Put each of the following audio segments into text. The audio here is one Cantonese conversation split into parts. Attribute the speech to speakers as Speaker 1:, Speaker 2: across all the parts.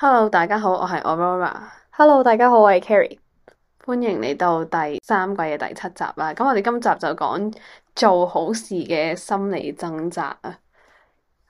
Speaker 1: Hello，大家好，我係 Aurora。Hello，大家好，我係 Carrie。
Speaker 2: 歡迎嚟到第三季嘅第七集啦。咁我哋今集就講做
Speaker 1: 好事嘅心理掙扎啊。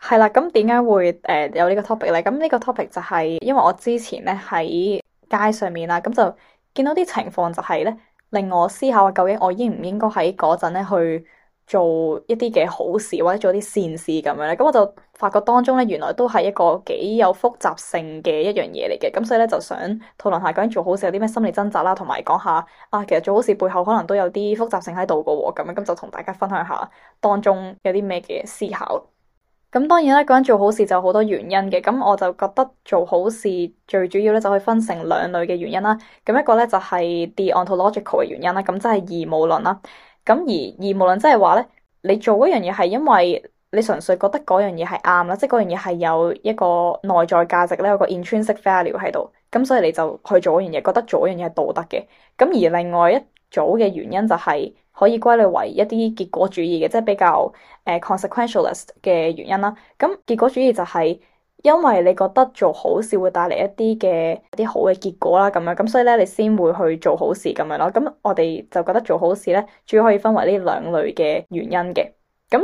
Speaker 1: 係啦，咁點解會誒有呢個 topic 呢？咁呢個 topic 就係因為我之前咧喺街上面啦，咁就見到啲情況就係咧令我思考，究竟我應唔應該喺嗰陣咧去做一啲嘅好事或者做啲善事咁樣咧，咁我就發覺當中咧原來都係一個幾有複雜性嘅一樣嘢嚟嘅，咁所以咧就想討論下，究竟做好事有啲咩心理掙扎啦，同埋講下啊，其實做好事背後可能都有啲複雜性喺度㗎喎，咁樣咁就同大家分享下當中有啲咩嘅思考。咁當然啦，講緊做好事就好多原因嘅，咁我就覺得做好事最主要咧就可以分成兩類嘅原因啦。咁一個咧就係 the ontological 嘅原因啦，咁即係義務論啦。咁而而無論即係話咧，你做嗰樣嘢係因為你純粹覺得嗰樣嘢係啱啦，即係嗰樣嘢係有一個內在價值咧，有個內在價值咧，有個 intrinsic value 喺度，咁所以你就去做嗰樣嘢，覺得做嗰樣嘢係道德嘅。咁而另外一組嘅原因就係可以歸類為一啲結果主義嘅，即係比較誒 consequentialist 嘅原因啦。咁結果主義就係、是。因為你覺得做好事會帶嚟一啲嘅一啲好嘅結果啦，咁樣咁所以咧你先會去做好事咁樣咯。咁我哋就覺得做好事咧，主要可以分為呢兩類嘅原因嘅。咁而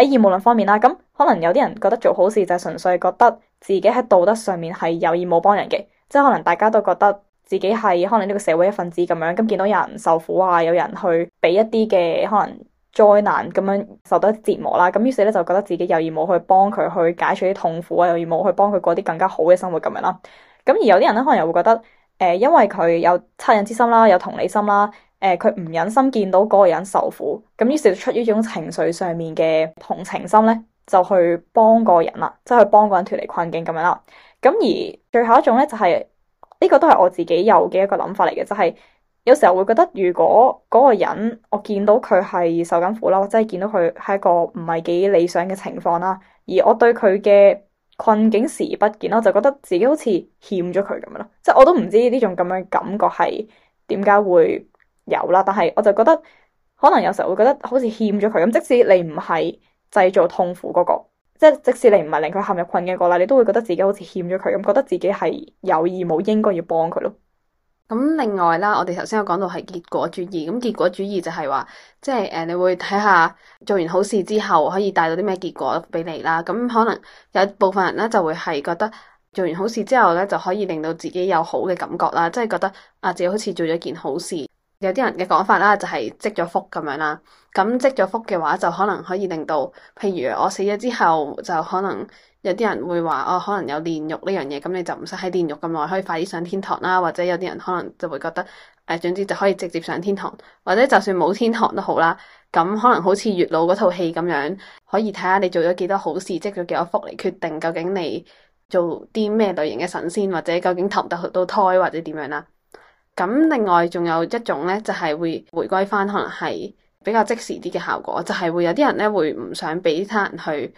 Speaker 1: 喺義務論方面啦，咁可能有啲人覺得做好事就係純粹覺得自己喺道德上面係有義務幫人嘅，即係可能大家都覺得自己係可能呢個社會一份子咁樣，咁見到有人受苦啊，有人去俾一啲嘅可能。災難咁樣受到折磨啦，咁於是咧就覺得自己有義務去幫佢去解除啲痛苦啊，有義務去幫佢過啲更加好嘅生活咁樣啦。咁而有啲人咧，可能又會覺得，誒、呃，因為佢有惻隱之心啦，有同理心啦，誒、呃，佢唔忍心見到嗰個人受苦，咁於是出於一種情緒上面嘅同情心咧，就去幫個人啦，即係去幫個人脫離困境咁樣啦。咁而最後一種咧、就是，就係呢個都係我自己有嘅一個諗法嚟嘅，就係、是。有時候會覺得，如果嗰個人我見到佢係受緊苦啦，或者係見到佢係一個唔係幾理想嘅情況啦，而我對佢嘅困境視而不見啦，就覺得自己好似欠咗佢咁樣咯。即係我都唔知呢種咁樣感覺係點解會有啦，但係我就覺得可能有時候會覺得好似欠咗佢咁，即使你唔係製造痛苦嗰個，即係即使你唔係令佢陷入困境嗰個啦，你都會覺得自己好似欠咗佢咁，覺得自己係有義務應該要幫佢咯。咁另外啦，我哋頭先有講到係結果主義，咁結果主義就係話，即係誒你會睇下
Speaker 2: 做完好事之後可以帶到啲咩結果俾你啦。咁可能有部分人咧就會係覺得做完好事之後咧就可以令到自己有好嘅感覺啦，即係覺得啊自己好似做咗件好事。有啲人嘅講法啦，就係積咗福咁樣啦。咁積咗福嘅話，就可能可以令到，譬如我死咗之後就可能。有啲人會話哦，可能有煉獄呢樣嘢，咁、嗯、你就唔使喺煉獄咁耐，可以快啲上天堂啦。或者有啲人可能就會覺得，誒、呃、總之就可以直接上天堂，或者就算冇天堂都好啦。咁、嗯、可能好似月老嗰套戲咁樣，可以睇下你做咗幾多好事，積咗幾多福嚟，決定究竟你做啲咩類型嘅神仙，或者究竟投唔投到胎或者點樣啦。咁、嗯、另外仲有一種呢，就係、是、會回歸翻可能係比較即時啲嘅效果，就係、是、會有啲人呢會唔想俾他人去，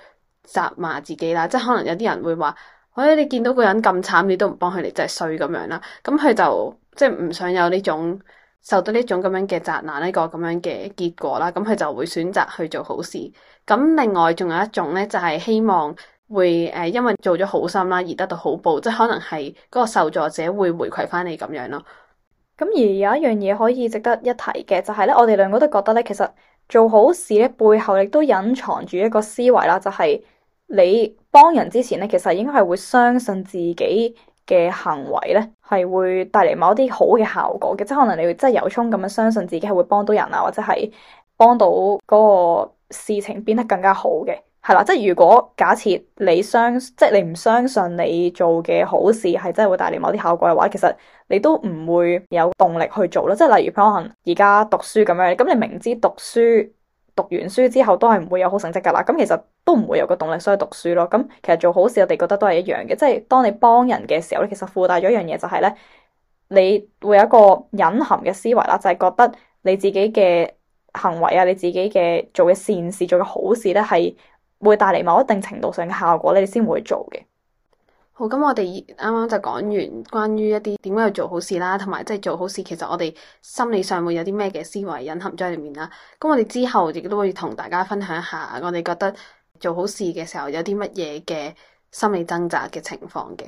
Speaker 2: 責罵自己啦，即係可能有啲人會話，我、哎、咧你見到個人咁慘，你都唔幫佢，你真係衰咁樣啦。咁佢就即係唔想有呢種受到呢種咁樣嘅責難，呢、呢個咁樣嘅結果啦。咁佢就會選擇去做好事。咁另外仲有一種呢，就係、係、希望會誒，因為做咗好心啦而得到好報，即係可能係嗰個受助者會回饋翻你咁樣咯。
Speaker 1: 咁而有一樣嘢可以值得一提嘅，就係呢，我哋兩個都覺得呢，其實做好事呢，背後亦都隱藏住一個思維啦，就係、係。你幫人之前咧，其實應該係會相信自己嘅行為咧，係會帶嚟某一啲好嘅效果嘅，即係可能你會真係有衷咁樣相信自己係會幫到人啊，或者係幫到嗰個事情變得更加好嘅，係啦。即係如果假設你相，即係你唔相信你做嘅好事係真係會帶嚟某啲效果嘅話，其實你都唔會有動力去做咯。即係例如可能而家讀書咁樣，咁你明知讀書，讀完書之後都係唔會有好成績噶啦，咁其實都唔會有個動力去讀書咯。咁其實做好事，我哋覺得都係一樣嘅，即係當你幫人嘅時候咧，其實附帶咗一樣嘢就係咧，你會有一個隱含嘅思維啦，就係覺得你自己嘅行為啊，你自己嘅做嘅善事做嘅好事咧，係會帶嚟某一定程度上嘅效果，你先會做嘅。
Speaker 2: 好，咁我哋啱啱就講完關於一啲點樣去做好事啦，同埋即係做好事，其實我哋心理上會有啲咩嘅思維隱含咗喺裡面啦。咁我哋之後亦都會同大家分享下，我哋覺得做好事嘅時候有啲乜嘢嘅心理掙扎嘅情況嘅。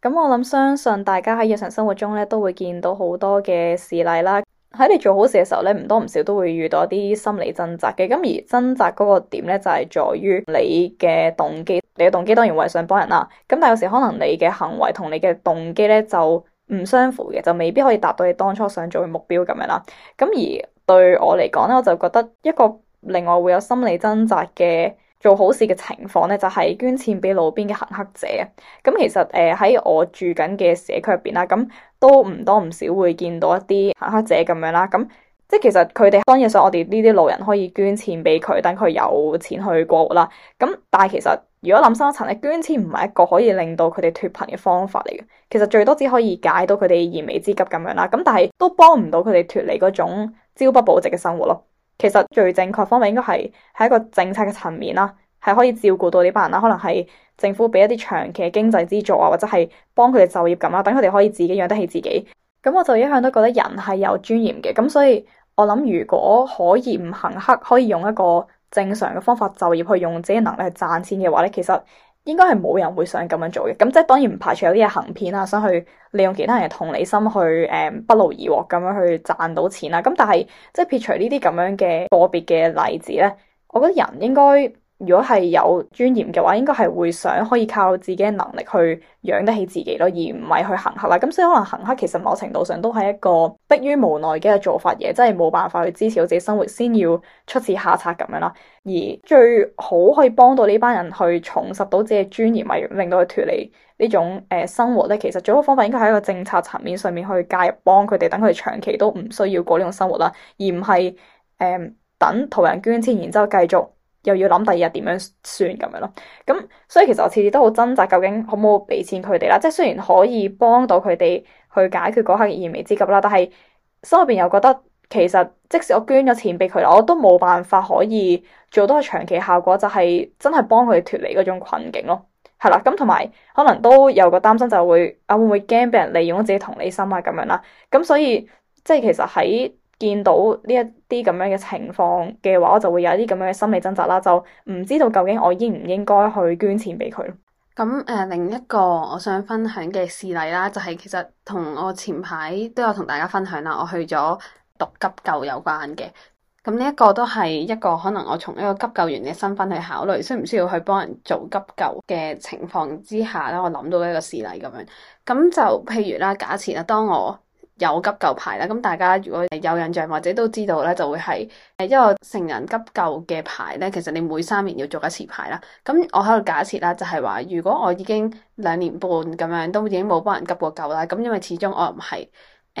Speaker 1: 咁我諗相信大家喺日常生活中咧都會見到好多嘅事例啦。喺你做好事嘅時候咧，唔多唔少都會遇到一啲心理掙扎嘅。咁而掙扎嗰個點咧，就係在於你嘅動機。你嘅動機當然會係想幫人啦。咁但係有時可能你嘅行為同你嘅動機咧就唔相符嘅，就未必可以達到你當初想做嘅目標咁樣啦。咁而對我嚟講咧，我就覺得一個另外會有心理掙扎嘅。做好事嘅情況咧，就係、是、捐錢俾路邊嘅行乞者啊！咁、嗯、其實誒喺、呃、我住緊嘅社區入邊啦，咁、嗯、都唔多唔少會見到一啲行乞者咁樣啦。咁、嗯、即係其實佢哋當然想我哋呢啲老人可以捐錢俾佢，等佢有錢去過活啦。咁、嗯、但係其實如果諗深一層咧，捐錢唔係一個可以令到佢哋脫貧嘅方法嚟嘅。其實最多只可以解到佢哋燃眉之急咁樣啦。咁、嗯、但係都幫唔到佢哋脫離嗰種朝不保夕嘅生活咯。其實最正確方面應該係喺一個政策嘅層面啦，係可以照顧到呢班人啦。可能係政府俾一啲長期嘅經濟資助啊，或者係幫佢哋就業咁啦，等佢哋可以自己養得起自己。咁我就一向都覺得人係有尊嚴嘅，咁所以我諗如果可以唔行黑，可以用一個正常嘅方法就業去用自己能力去賺錢嘅話咧，其實。應該係冇人會想咁樣做嘅，咁即當然唔排除有啲嘢行騙啊，想去利用其他人嘅同理心去不勞而獲咁樣去賺到錢啦。咁但係即撇除呢啲咁樣嘅個別嘅例子咧，我覺得人應該。如果係有尊嚴嘅話，應該係會想可以靠自己嘅能力去養得起自己咯，而唔係去行乞啦。咁、嗯、所以可能行乞其實某程度上都係一個迫於無奈嘅做法嘢，真係冇辦法去支持到自己生活，先要出此下策咁樣啦。而最好可以幫到呢班人去重拾到自己尊嚴，咪令到佢脱離呢種誒生活咧。其實最好方法應該喺一個政策層面上面去介入幫佢哋，等佢哋長期都唔需要過呢種生活啦，而唔係誒等途人捐錢，然之後繼續。又要諗第二日點樣算咁樣咯，咁所以其實我次次都好掙扎，究竟可唔可以俾錢佢哋啦？即係雖然可以幫到佢哋去解決嗰刻嘅燃眉之急啦，但係心入邊又覺得其實即使我捐咗錢俾佢啦，我都冇辦法可以做到個長期效果，就係真係幫佢哋脫離嗰種困境咯，係啦。咁同埋可能都有個擔心，就會啊會唔會驚俾人利用自己同理心啊咁樣啦？咁所以即係其實喺。見到呢一啲咁樣嘅情況嘅話，我就會有一啲咁樣嘅心理掙扎啦，就唔知道究竟我應唔應該去捐錢俾佢。
Speaker 2: 咁誒、呃，另一個我想分享嘅事例啦，就係、是、其實同我前排都有同大家分享啦，我去咗讀急救有關嘅。咁呢一個都係一個可能我從一個急救員嘅身份去考慮，需唔需要去幫人做急救嘅情況之下咧，我諗到一個事例咁樣。咁就譬如啦，假設啊，當我有急救牌啦，咁大家如果有印象或者都知道咧，就會係誒一個成人急救嘅牌咧。其實你每三年要做一次牌啦。咁我喺度假設啦，就係話如果我已經兩年半咁樣都已經冇幫人急過救啦。咁因為始終我唔係。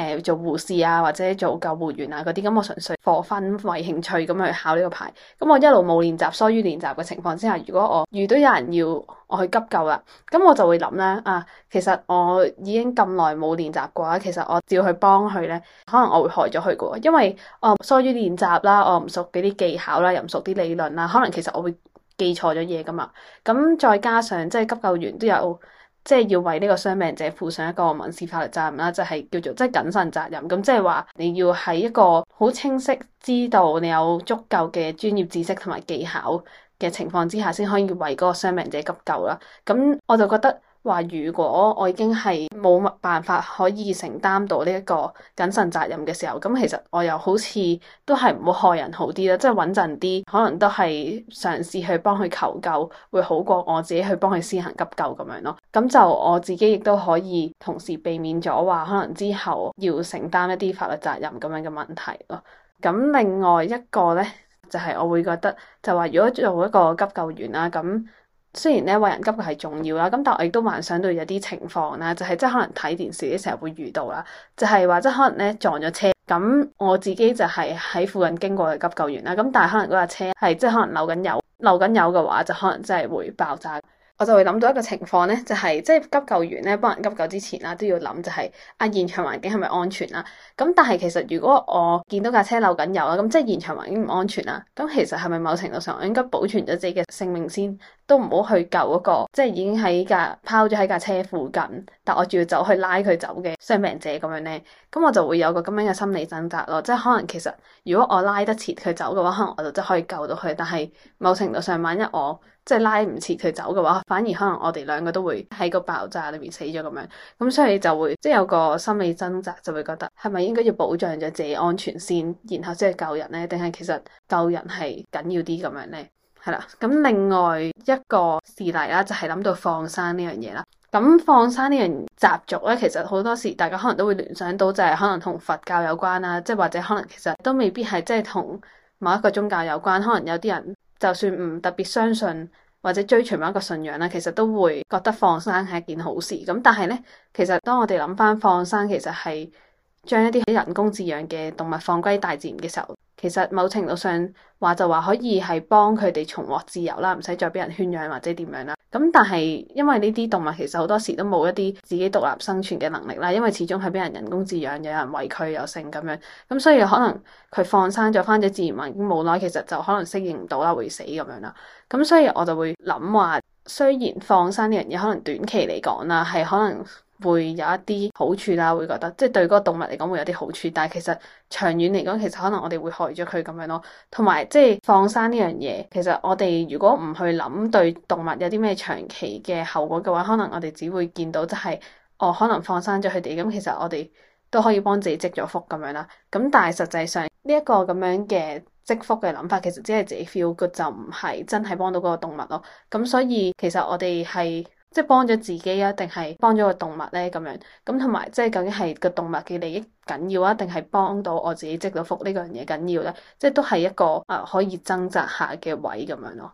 Speaker 2: 誒、呃、做護士啊，或者做救護員啊嗰啲，咁我純粹課分為興趣咁去考呢個牌。咁我一路冇練習，疏於練習嘅情況之下，如果我遇到有人要我去急救啦，咁我就會諗啦：「啊，其實我已經咁耐冇練習過啦，其實我照去幫佢咧，可能我會害咗佢嘅，因為我疏於練習啦，我唔熟嗰啲技巧啦，又唔熟啲理論啦」，可能其實我會記錯咗嘢噶嘛。咁再加上即係急救員都有。即係要為呢個傷病者負上一個民事法律責任啦，就係叫做即係謹慎責任。咁即係話你要喺一個好清晰知道你有足夠嘅專業知識同埋技巧嘅情況之下，先可以為嗰個傷病者急救啦。咁我就覺得。話如果我已經係冇辦法可以承擔到呢一個謹慎責任嘅時候，咁其實我又好似都係唔會害人好啲啦，即係穩陣啲，可能都係嘗試去幫佢求救，會好過我自己去幫佢施行急救咁樣咯。咁就我自己亦都可以同時避免咗話可能之後要承擔一啲法律責任咁樣嘅問題咯。咁另外一個呢，就係我會覺得就話如果做一個急救員啦咁。雖然咧，為人急救係重要啦，咁但係我亦都幻想到有啲情況啦，就係即係可能睇電視嘅時候會遇到啦，就係話即係可能咧撞咗車咁，我自己就係喺附近經過嘅急救員啦。咁但係可能嗰架車係即係可能漏緊油，漏緊油嘅話就可能真係會爆炸。我就會諗到一個情況呢，就係、是、即係急救員咧幫人急救之前啦，都要諗就係、是、啊現場環境係咪安全啦、啊？咁但係其實如果我見到架車漏緊油啦，咁即係現場環境唔安全啦、啊，咁其實係咪某程度上我應該保存咗自己嘅性命先，都唔好去救嗰、那個即係已經喺架拋咗喺架車附近，但我仲要走去拉佢走嘅傷病者咁樣呢？咁我就會有個咁樣嘅心理掙扎咯。即係可能其實如果我拉得切佢走嘅話，可能我就真可以救到佢。但係某程度上，萬一我即係拉唔切佢走嘅話，反而可能我哋兩個都會喺個爆炸裏面死咗咁樣。咁所以就會即係有個心理掙扎，就會覺得係咪應該要保障咗自己安全先，然後先去救人呢？定係其實救人係緊要啲咁樣呢？係啦。咁另外一個事例啦，就係諗到放生呢樣嘢啦。咁放生呢樣習俗咧，其實好多時大家可能都會聯想到就係可能同佛教有關啦，即係或者可能其實都未必係即係同某一個宗教有關。可能有啲人。就算唔特別相信或者追隨某一個信仰啦，其實都會覺得放生係一件好事。咁但係呢，其實當我哋諗翻放生，其實係將一啲人工飼養嘅動物放歸大自然嘅時候。其實某程度上話就話可以係幫佢哋重獲自由啦，唔使再俾人圈養或者點樣啦。咁但係因為呢啲動物其實好多時都冇一啲自己獨立生存嘅能力啦，因為始終係俾人人工飼養，有人餵佢有性咁樣。咁所以可能佢放生咗返咗自然環境，冇耐其實就可能適應唔到啦，會死咁樣啦。咁所以我就會諗話，雖然放生呢樣嘢可能短期嚟講啦，係可能。會有一啲好處啦，會覺得即係對嗰個動物嚟講會有啲好處，但係其實長遠嚟講，其實可能我哋會害咗佢咁樣咯。同埋即係放生呢樣嘢，其實我哋如果唔去諗對動物有啲咩長期嘅後果嘅話，可能我哋只會見到就係哦，可能放生咗佢哋，咁其實我哋都可以幫自己積咗福咁樣啦。咁但係實際上呢一個咁樣嘅積福嘅諗法，其實只係自己 feel good 就唔係真係幫到嗰個動物咯。咁所以其實我哋係。即係幫咗自己啊，定係幫咗個動物呢？咁樣，咁同埋即係究竟係個動物嘅利益緊要啊，定係幫到我自己積到福呢樣嘢緊要呢？即係都係一個啊、呃、可以掙扎下嘅位咁樣咯。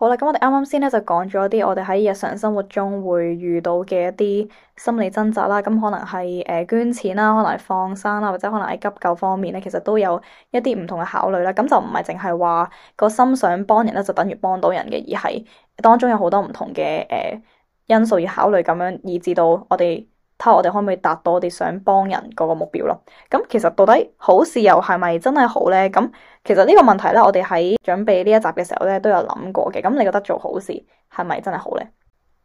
Speaker 1: 好啦，咁我哋啱啱先咧就講咗一啲我哋喺日常生活中會遇到嘅一啲心理掙扎啦，咁可能係誒捐錢啦，可能係放生啦，或者可能係急救方面咧，其實都有一啲唔同嘅考慮啦。咁就唔係淨係話個心想幫人咧，就等於幫到人嘅，而係當中有好多唔同嘅誒因素要考慮，咁樣以至到我哋，睇我哋可唔可以達到我哋想幫人嗰個目標咯？咁其實到底好事又係咪真係好呢？咁其實呢個問題呢，我哋喺準備呢一集嘅時候呢都有諗過嘅。咁你覺得做好事係咪真係好呢？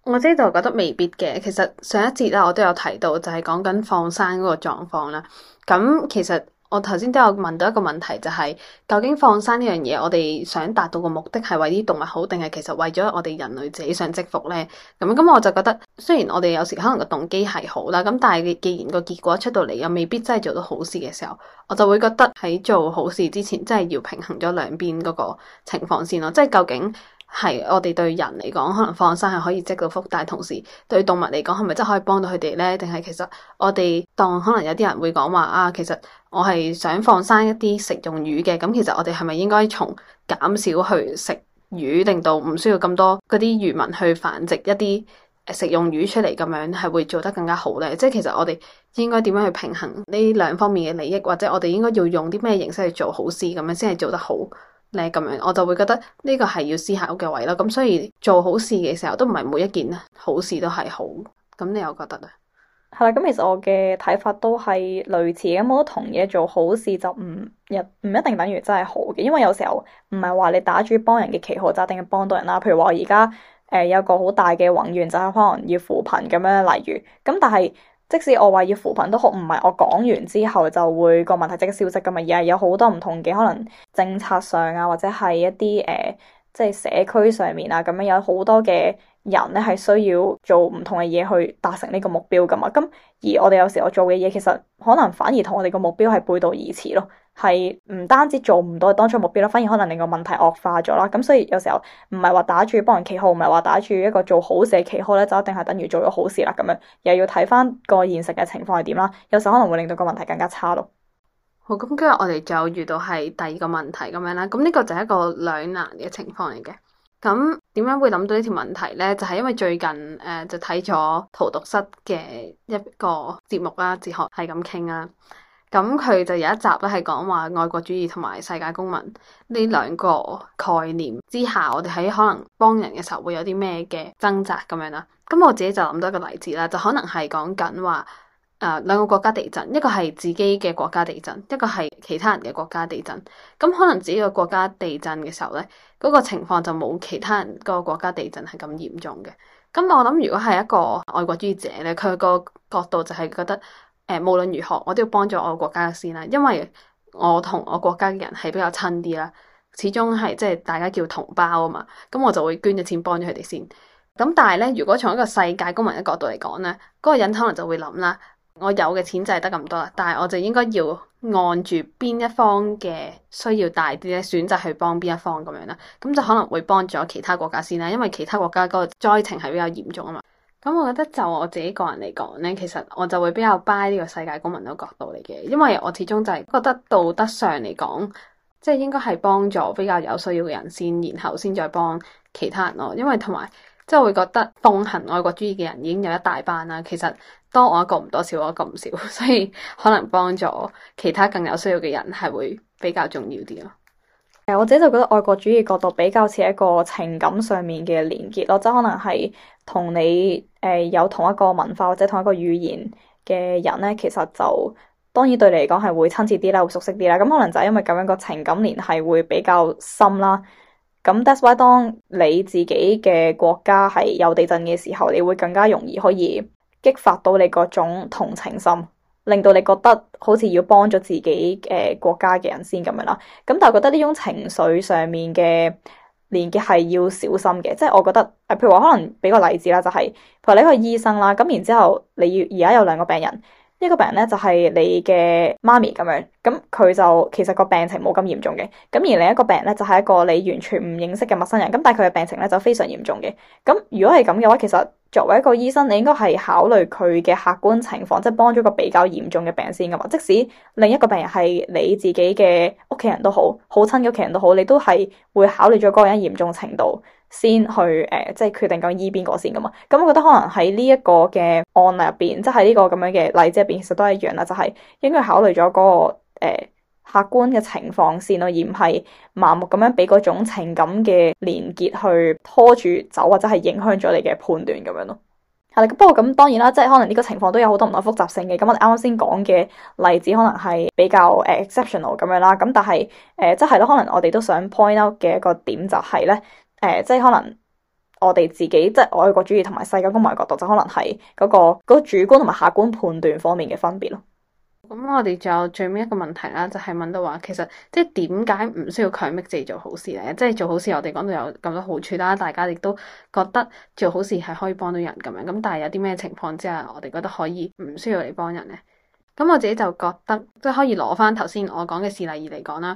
Speaker 1: 我即係就
Speaker 2: 覺得未必嘅。其實上一節啦，我都有提到就係講緊放生嗰個狀況啦。咁其實。我頭先都有問到一個問題，就係究竟放生呢樣嘢，我哋想達到嘅目的係為啲動物好，定係其實為咗我哋人類自己想積福呢？咁咁我就覺得，雖然我哋有時可能個動機係好啦，咁但係既然個結果出到嚟又未必真係做到好事嘅時候，我就會覺得喺做好事之前，真係要平衡咗兩邊嗰個情況先咯，即係究竟。係，我哋對人嚟講，可能放生係可以積到福，但係同時對動物嚟講，係咪真係可以幫到佢哋呢？定係其實我哋當可能有啲人會講話啊，其實我係想放生一啲食用魚嘅，咁、嗯、其實我哋係咪應該從減少去食魚，令到唔需要咁多嗰啲漁民去繁殖一啲食用魚出嚟，咁樣係會做得更加好呢？即係其實我哋應該點樣去平衡呢兩方面嘅利益，或者我哋應該要用啲咩形式去做好事，咁樣先係做得好？你咁樣，我就會覺得呢個係要思考嘅位咯。咁所以做好事嘅時候，都唔係每一件好事
Speaker 1: 都係好。咁你又覺得咧？係啦，咁其實我嘅睇法都係類似咁，我都同嘢做好事就唔一唔一定等於真係好嘅，因為有時候唔係話你打住幫人嘅旗號就一定幫到人啦。譬如話我而家誒有個好大嘅宏願就係可能要扶貧咁樣，例如咁，但係。即使我話要扶貧都好，唔係我講完之後就會個問題即刻消失㗎嘛，而係有好多唔同嘅，可能政策上啊，或者係一啲誒。呃即係社區上面啊，咁樣有好多嘅人咧，係需要做唔同嘅嘢去達成呢個目標噶嘛。咁而我哋有時候做嘅嘢，其實可能反而同我哋個目標係背道而馳咯，係唔單止做唔到當初目標啦，反而可能令個問題惡化咗啦。咁所以有時候唔係話打住幫人旗號，唔係話打住一個做好事嘅旗號咧，就一定係等於做咗好事啦。咁樣又要睇翻個現實嘅情況係點啦。有時候可能會令到個問題更加差咯。好，咁今日我哋就遇到係第二個問題咁樣啦，咁呢個就係一個
Speaker 2: 兩難嘅情況嚟嘅。咁點樣會諗到呢條問題呢？就係、是、因為最近誒、呃、就睇咗荼毒室嘅一個節目啦，哲學係咁傾啦。咁佢就有一集咧，係講話愛國主義同埋世界公民呢兩個概念之下，我哋喺可能幫人嘅時候會有啲咩嘅掙扎咁樣啦。咁我自己就諗到一個例子啦，就可能係講緊話。誒，兩個國家地震，一個係自己嘅國家地震，一個係其他人嘅國家地震。咁可能自己嘅國家地震嘅時候呢，嗰、嗰個情況就冇其他人個國家地震係咁嚴重嘅。咁我諗，如果係一個愛國主義者呢，佢個角度就係覺得，誒、呃，無論如何，我都要幫助我嘅國家先啦、啊，因為我同我國家嘅人係比較親啲啦、啊，始終係即係大家叫同胞啊嘛。咁我就會捐咗錢幫咗佢哋先。咁但係呢，如果從一個世界公民嘅角度嚟講呢，嗰、嗰個人可能就會諗啦。我有嘅錢就係得咁多啦，但係我就應該要按住邊一方嘅需要大啲咧，選擇去幫邊一方咁樣啦。咁就可能會幫助其他國家先啦，因為其他國家嗰個災情係比較嚴重啊嘛。咁我覺得就我自己個人嚟講呢，其實我就會比較 by 呢個世界公民嘅角度嚟嘅，因為我始終就係覺得道德上嚟講，即係應該係幫助比較有需要嘅人先，然後先再幫其他人咯。因為同埋。即係會覺得，奉行愛國主義嘅人已經有一大班啦。其實，多我一個唔多，少我一個唔少，所以可能幫助
Speaker 1: 其他更有需要嘅人係會比較重要啲咯。誒、嗯，我自己就覺得愛國主義角度比較似一個情感上面嘅連結咯，即係可能係同你誒、呃、有同一個文化或者同一個語言嘅人咧，其實就當然對你嚟講係會親切啲啦，會熟悉啲啦。咁可能就係因為咁樣個情感連繫會比較深啦。咁 that's why 當你自己嘅國家係有地震嘅時候，你會更加容易可以激發到你嗰種同情心，令到你覺得好似要幫咗自己誒國家嘅人先咁樣啦。咁但係我覺得呢種情緒上面嘅連結係要小心嘅，即係我覺得誒，譬如話可能俾個例子啦，就是，就係譬如你個醫生啦，咁然之後你要而家有兩個病人。一個病人咧，就係你嘅媽咪咁樣，咁佢就其實個病情冇咁嚴重嘅。咁而另一個病人咧，就係一個你完全唔認識嘅陌生人，咁但係佢嘅病情咧，就非常嚴重嘅。咁如果係咁嘅話，其實作為一個醫生，你應該係考慮佢嘅客觀情況，即係幫咗個比較嚴重嘅病先㗎嘛。即使另一個病人係你自己嘅屋企人都好，好親嘅屋企人都好，你都係會考慮咗個人嚴重程度。先去誒、呃，即係決定咁依邊個先噶嘛？咁、嗯、我覺得可能喺呢一個嘅案例入邊，即係呢個咁樣嘅例子入邊，其實都一樣啦，就係、是、應該考慮咗嗰個、呃、客觀嘅情況先咯，而唔係盲目咁樣俾嗰種情感嘅連結去拖住走，或者係影響咗你嘅判斷咁樣咯。係啦，不過咁當然啦，即係可能呢個情況都有好多唔同複雜性嘅。咁、嗯、我哋啱啱先講嘅例子可能係比較誒 exceptional 咁樣啦。咁但係誒、呃，即係咯，可能我哋都想 point out 嘅一個點就係、是、咧。誒、呃，即係可能我哋自己即係愛國主義同埋世界公民角度，就可能係嗰、那個、那個主觀同埋客觀判斷方面嘅分別咯。
Speaker 2: 咁我哋仲有最尾一個問題啦，就係、是、問到話，其實即係點解唔需要強迫自己做好事咧？即係做好事，我哋講到有咁多好處啦，大家亦都覺得做好事係可以幫到人咁樣。咁但係有啲咩情況之下，我哋覺得可以唔需要嚟幫人咧？咁我自己就覺得，即係可以攞翻頭先我講嘅事例二嚟講啦。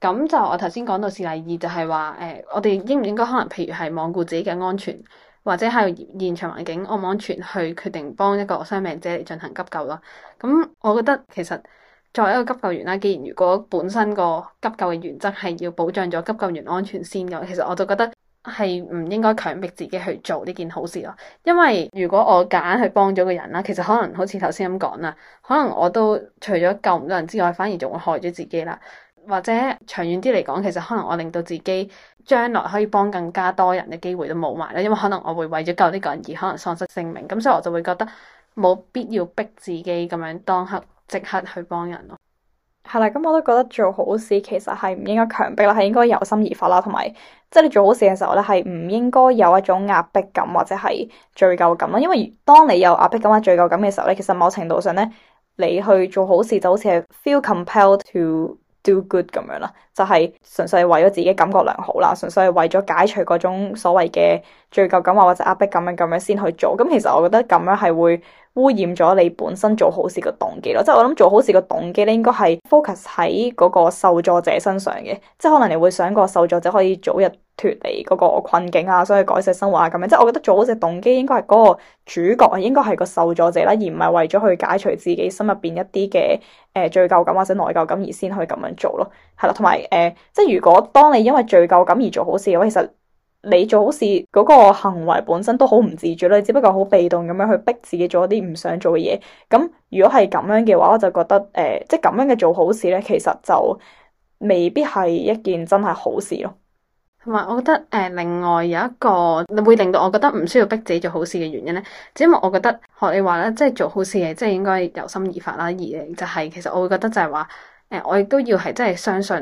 Speaker 2: 咁就我頭先講到事例二就，就係話誒，我哋應唔應該可能譬如係罔顧自己嘅安全，或者係現場環境安唔安全去決定幫一個傷病者嚟進行急救啦？咁我覺得其實作為一個急救員啦，既然如果本身個急救嘅原則係要保障咗急救員安全先嘅，其實我就覺得係唔應該強迫自己去做呢件好事咯。因為如果我夾硬去幫咗個人啦，其實可能好似頭先咁講啦，可能我都除咗救唔到人之外，反而仲會害咗自己啦。或者長遠啲嚟講，其實可能我令到自己將來可以幫更加多人嘅機會都冇埋咧，因為可能我會為咗救呢個人而可能喪失性命，咁所以我就會覺得冇必要逼自己咁樣當刻即刻去幫人咯。
Speaker 1: 係啦，咁我都覺得做好事其實係唔應該強迫啦，係應該由心而發啦，同埋即係你做好事嘅時候咧，係唔應該有一種壓迫感或者係罪疚感咯。因為當你有壓迫感或者罪疚感嘅時候咧，其實某程度上咧，你去做好事就好似係 feel compelled to。do good 咁樣啦，就係純粹係為咗自己感覺良好啦，純粹係為咗解除嗰種所謂嘅罪疚感或者壓迫感咁樣咁樣先去做。咁其實我覺得咁樣係會污染咗你本身做好事嘅動機咯。即係我諗做好事嘅動機咧，應該係 focus 喺嗰個受助者身上嘅。即係可能你會想個受助者可以早日脫離嗰個困境啊，所以改善生活啊，咁樣，即係我覺得做好事動機應該係嗰個主角啊，應該係個受助者啦，而唔係為咗去解除自己心入邊一啲嘅誒罪疚感，或者內疚感而先去咁樣做咯，係啦，同埋誒，即係如果當你因為罪疚感而做好事嘅話，其實你做好事嗰個行為本身都好唔自主啦，你只不過好被動咁樣去逼自己做一啲唔想做嘅嘢。咁、嗯、如果係咁樣嘅話，我就覺得誒、呃，即係咁樣嘅做好事咧，其實就未必係一件真係好事咯。
Speaker 2: 同埋、嗯，我覺得誒、呃，另外有一個會令到我覺得唔需要逼自己做好事嘅原因咧，只因為我覺得學你話咧，即係做好事係即係應該由心而發啦。而就係、是、其實我會覺得就係話誒，我亦都要係真係相信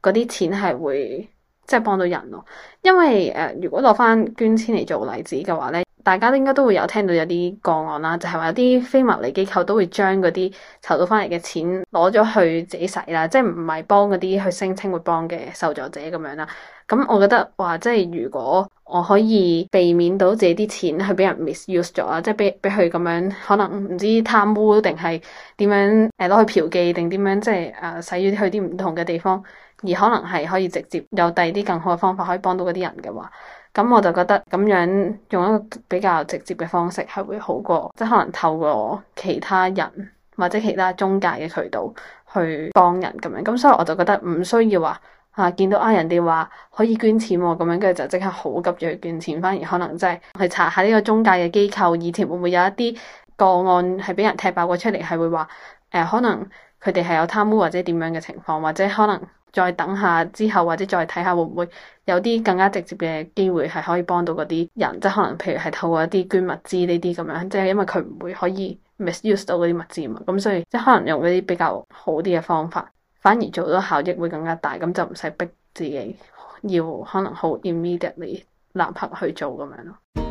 Speaker 2: 嗰啲錢係會即係幫到人咯。因為誒、呃，如果攞翻捐錢嚟做例子嘅話咧。大家都應該都會有聽到有啲個案啦，就係話有啲非牟利機構都會將嗰啲籌到翻嚟嘅錢攞咗去自己使啦，即係唔係幫嗰啲去聲稱會幫嘅受助者咁樣啦。咁我覺得話，即係如果我可以避免到自己啲錢去俾人 misuse 咗啊，即係俾俾佢咁樣可能唔知貪污定係點樣誒攞、呃、去嫖妓定點樣，即係誒使咗去啲唔同嘅地方，而可能係可以直接有第二啲更好嘅方法可以幫到嗰啲人嘅話。咁我就覺得咁樣用一個比較直接嘅方式係會好過，即係可能透過其他人或者其他中介嘅渠道去幫人咁樣。咁所以我就覺得唔需要話嚇、啊、見到啊人哋話可以捐錢喎咁樣，跟住就即刻好急住去捐錢，反而可能就係去查下呢個中介嘅機構以前會唔會有一啲個案係俾人踢爆過出嚟，係會話誒、呃、可能佢哋係有貪污或者點樣嘅情況，或者可能。再等下之後，或者再睇下會唔會有啲更加直接嘅機會係可以幫到嗰啲人，即係可能譬如係透過一啲捐物資呢啲咁樣，即係因為佢唔會可以 misuse 到嗰啲物資嘛。咁所以即係可能用嗰啲比較好啲嘅方法，反而做到效益會更加大，咁就唔使逼自己要可能好 immediately 立刻去做咁樣咯。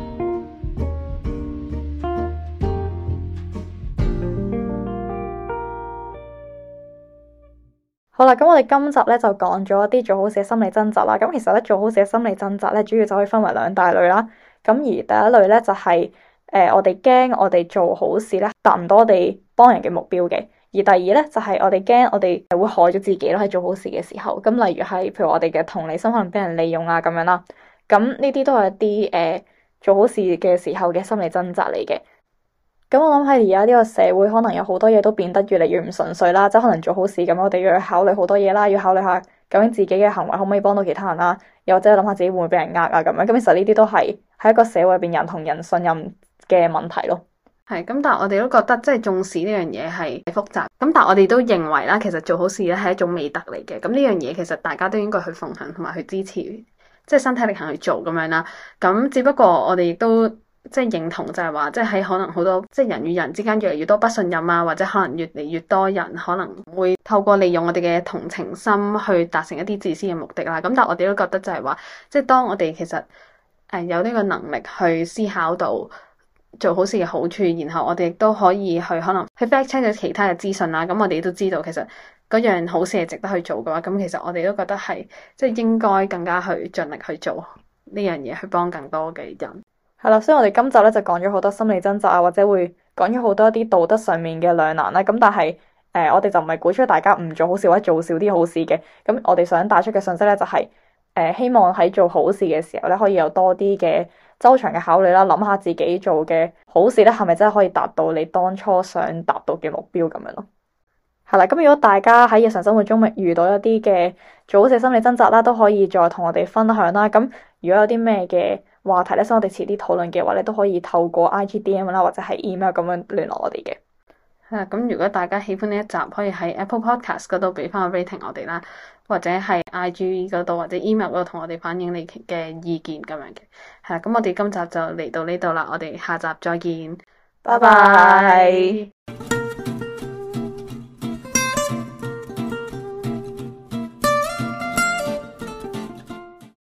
Speaker 1: 好啦，咁我哋今集咧就講咗一啲做好事嘅心理掙扎啦。咁其實咧做好事嘅心理掙扎咧，主要就可以分為兩大類啦。咁而第一類咧就係、是、誒、呃，我哋驚我哋做好事咧達唔到我哋幫人嘅目標嘅。而第二咧就係、是、我哋驚我哋會害咗自己咯，喺做好事嘅時候。咁例如係譬如我哋嘅同理心可能俾人利用啊，咁樣啦。咁呢啲都係一啲誒、呃、做好事嘅時候嘅心理掙扎嚟嘅。咁、嗯、我諗喺而家呢個社會，可能有好多嘢都變得越嚟越唔純粹啦，即係可能做好事咁，我哋要考慮好多嘢啦，要考慮下究竟自己嘅行為可唔可以幫到其他人啦，又或者諗下自己會唔會俾人呃啊咁樣。咁其實呢啲都係喺一個社會入邊人同人信任嘅問題咯。係咁，但係我哋都覺得即係重視呢樣嘢係複雜。咁但係我哋都認
Speaker 2: 為啦，其實做好事咧係一種美德嚟嘅。咁呢樣嘢其實大家都應該去奉行同埋去支持，即係身體力行去做咁樣啦。咁只不過我哋都。即係認同，就係話，即係喺可能好多，即係人與人之間越嚟越多不信任啊，或者可能越嚟越多人可能會透過利用我哋嘅同情心去達成一啲自私嘅目的啦。咁但係我哋都覺得就係話，即係當我哋其實誒有呢個能力去思考到做好事嘅好處，然後我哋亦都可以去可能去 fact check 咗其他嘅資訊啦。咁我哋都知道，其實樣好事係值得去做嘅話，咁其實我哋都覺得係即係應該更加去盡力去做呢樣嘢，去幫更多嘅人。
Speaker 1: 係啦，所以我哋今集咧就講咗好多心理掙扎啊，或者會講咗好多一啲道德上面嘅兩難啦。咁但係誒、呃，我哋就唔係鼓吹大家唔做好事或者做少啲好事嘅。咁我哋想帶出嘅信息咧，就係、是、誒、呃，希望喺做好事嘅時候咧，可以有多啲嘅周詳嘅考慮啦，諗下自己做嘅好事咧，係咪真係可以達到你當初想達到嘅目標咁樣咯。係啦，咁如果大家喺日常生活中咪遇到一啲嘅做好事嘅心理掙扎啦，都可以再同我哋分享啦。咁如果有啲咩嘅。.話題咧，所以我哋遲啲討論嘅話咧，都可以透過 I G D M 啦，或者係 email 咁樣聯絡我哋嘅。吓咁、啊，如果大家喜歡呢一集，可以喺
Speaker 2: Apple Podcast 嗰度俾翻個 rating 我哋啦，或者係 I G 嗰度，或者 email 嗰度同我哋反映你嘅意見咁樣嘅。吓、啊、咁，我哋今集就嚟到呢度啦，我哋下集再見，拜拜 bye。Bye bye